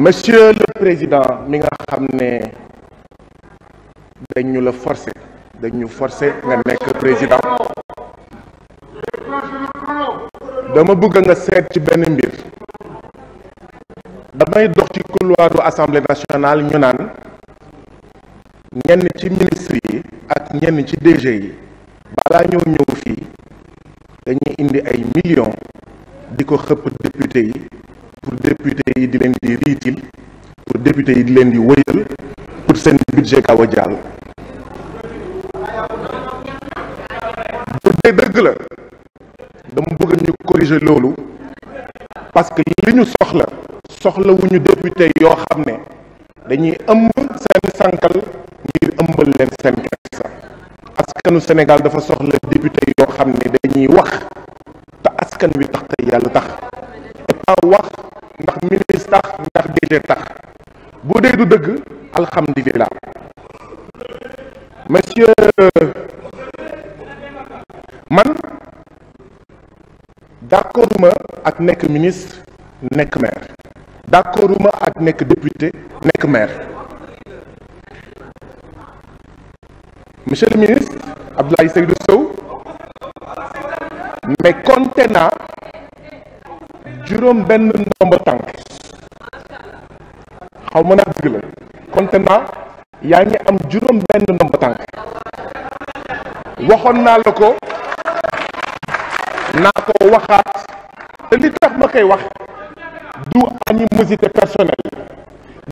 monsieur le président mi nga xam ne dañu la forcé dañu forcé nga nekk président dama bëgg nga seet ci benn mbir damay dox ci couloir du assemblée nationale ñu naan ñenn ci ministre yi ak ñenn ci DG yi balaa ñoo ñëw fii dañuy indi ay millions di ko xëpp député yi pour député yi di leen di riitil pour député yi di leen di wëyal pour seen budget gaaw a jàll bu dee dëgg la dama bëgg ñu corriger loolu parce que li ñu soxla soxlawuñu député yoo xam ne dañuy ëmb seen sankal ngir ëmbal leen seen kersa askanu Sénégal dafa soxla député yoo xam ne dañuy wax te askan wi tax te yàlla tax et wax ndax ministre tax ndax déedéet tax bu dee du dëgg alhamdulilah monsieur man d'accorduma ak nekk ministre nekk maire d'accorduma ak nekk député nekk maire monsieur le ministre Abdoulaye Seydou Sow mais compté juróom benn ndomba tànk xaw ma naa dëgg la konte yaa ngi am juróom benn ndomba tànk waxoon naa la ko naa ko waxaat te li tax ma koy wax du animosité personnelle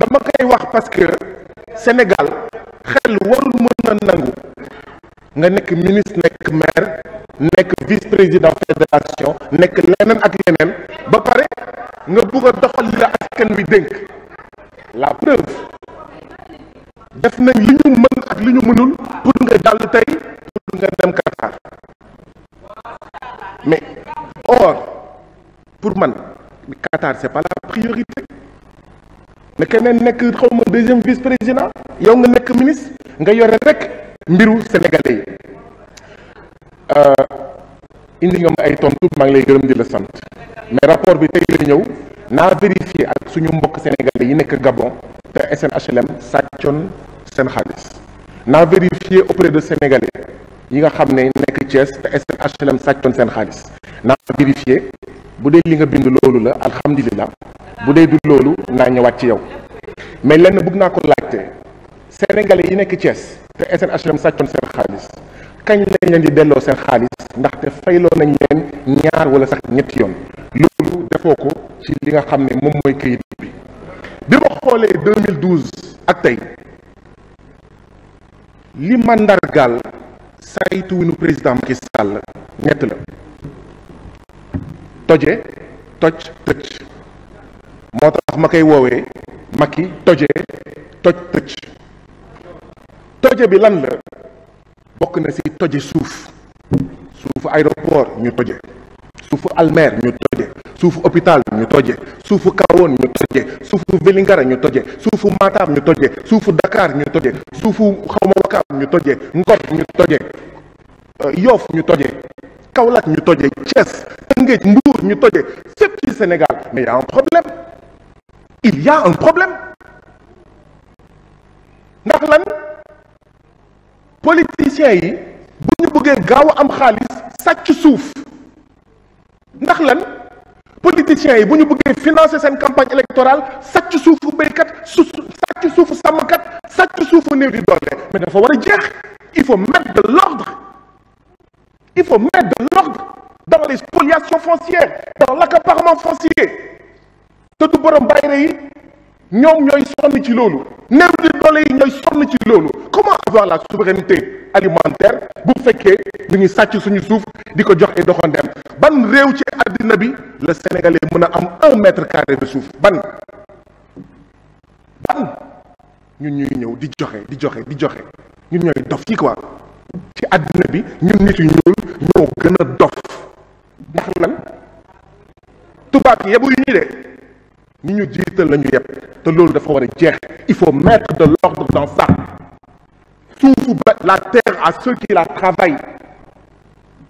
dama koy wax parce que Sénégal xel warul mën a nangu nga nekk ministre nekk maire nekk vice président fédération nekk leneen ak leneen ba pare nga bugg a doxal li la askan wi dénk la preuve def nañ li ñu mën ak li ñu mënul pour nga jàll tey pour nga dem Qatar mais or pour man Qatar c'est pas la priorité na keneen nekk xaw ma deuxième vice président yow nga nekk ministre nga yore rek mbiru sénégalais yi. Euh, indi nga ma ay tontu maa ngi lay gërëm di la sant mais rapport bi tey la ñëw naa vérifier ak suñu mbokk sénégalais yi nekk Gabon te SNHLM sàccoon seen xaalis na vérifier auprès de sénégalais yi nga xam ne nekk Thiès te SNHLM sàccoon seen xaalis naa vérifier bu dee li nga bind loolu la alhamdulilah bu dee du loolu naa ñëwaat ci yow mais lenn bëgg naa ko laajte sénégalais yi nekk Thiès te SNHLM sàccoon seen xaalis kañ lañ leen di delloo seen xaalis ndaxte fayloo nañ leen ñaar wala sax ñetti yoon loolu defoo ko ci li nga xam ne moom mooy këyit bi bi ma xoolee 2012 ak tey li màndargaal saytu wi nu président Macky Sall ñett la toje toj tëj moo tax ma koy woowee Macky toje toj tëj toje bi lan la bokk na ci toje suuf suufu aéroport ñu toje suufu almer ñu toje suufu hôpital ñu toje suufu kawoon ñu toje suufu Vélingara ñu toje suufu Matam ñu toje suufu Dakar ñu toje suufu xawma ñu toje Ngor ñu toje Yoff ñu toje Kaolack ñu toje Thiès Tëngéej Mbour ñu toje fépp ci Sénégal mais y a un problème il y a problème ndax lan politiciens yi bu ñu bëggee gaaw am xaalis sàcc suuf ndax lan politiciens yi bu ñu bëggee financer seen campagne électorale sàcc suufu béykat su sàcc suufu sàmmkat sàcc suufu néew di doole mais dafa war a jeex il faut mettre de l'ordre il faut mettre de l'ordre dans les spoliations foncières dans l'accaparement foncier te borom bayre yi ñoom ñooy sonn ci loolu néew di doole yi ñooy sonn ci loolu comment avoir la souveraineté alimentaire bu fekkee ñu ngi sàcc suñu suuf di ko jox ay doxandeem ban réew ci àddina bi la sénégalais mën a am un mètre carré de suuf ban ban ñun ñuy ñëw di joxe di joxe di joxe ñun ñooy dof ci quoi ci àddina bi ñun nit yu ñuul ñoo gën a dof ndax lan tubaab yi yebu yu ñu de ñi ñu jiital la ñu yeb te loolu dafa war a jeex il faut mettre de l'ordre dans ça suufu la terre à ceux qui la travaillent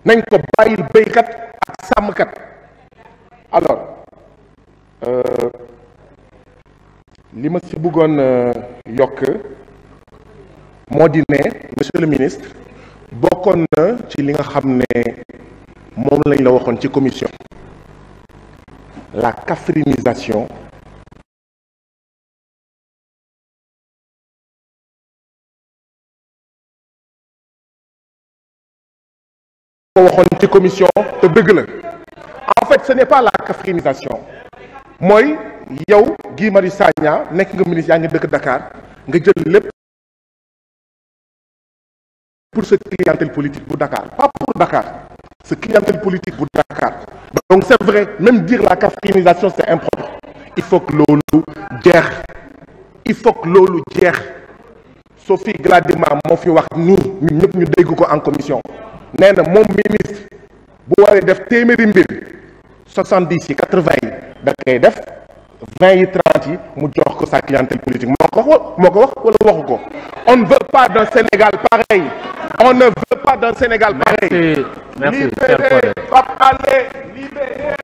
nañ ko bàyyil béykat ak sàmmkat alors euh, li ma si bëggoon euh, yokk moo di ne monsieur le ministre bokkoon na ci li nga xam ne moom lañ la waxoon ci commission la kafrinisation ko waxoon ci commission te dëgg la en fait ce n'est pas la cafrinisation mooy yow Guy Marius Sagna nekk nga ministre yaa ngi dëkk Dakar nga jël lépp pour sa clientèle politique bu Dakar pas pour Dakar sa clientèle politique bu Dakar donc c'est vrai même dire la cafrinisation c'est impropre il faut que loolu jeex il faut que loolu jeex Sophie Gladima moo fi wax nii ñun ñëpp ñu dégg ko en commission nee na moom ministre bu waree def téeméeri mbir yi quatre vingt def yi mu jox ko sa clientèle politique moo ko wax wala waxu ko on ne veut pas d'un Sénégal pareil on ne veut pas d'un Sénégal pareil libéré Pape libéré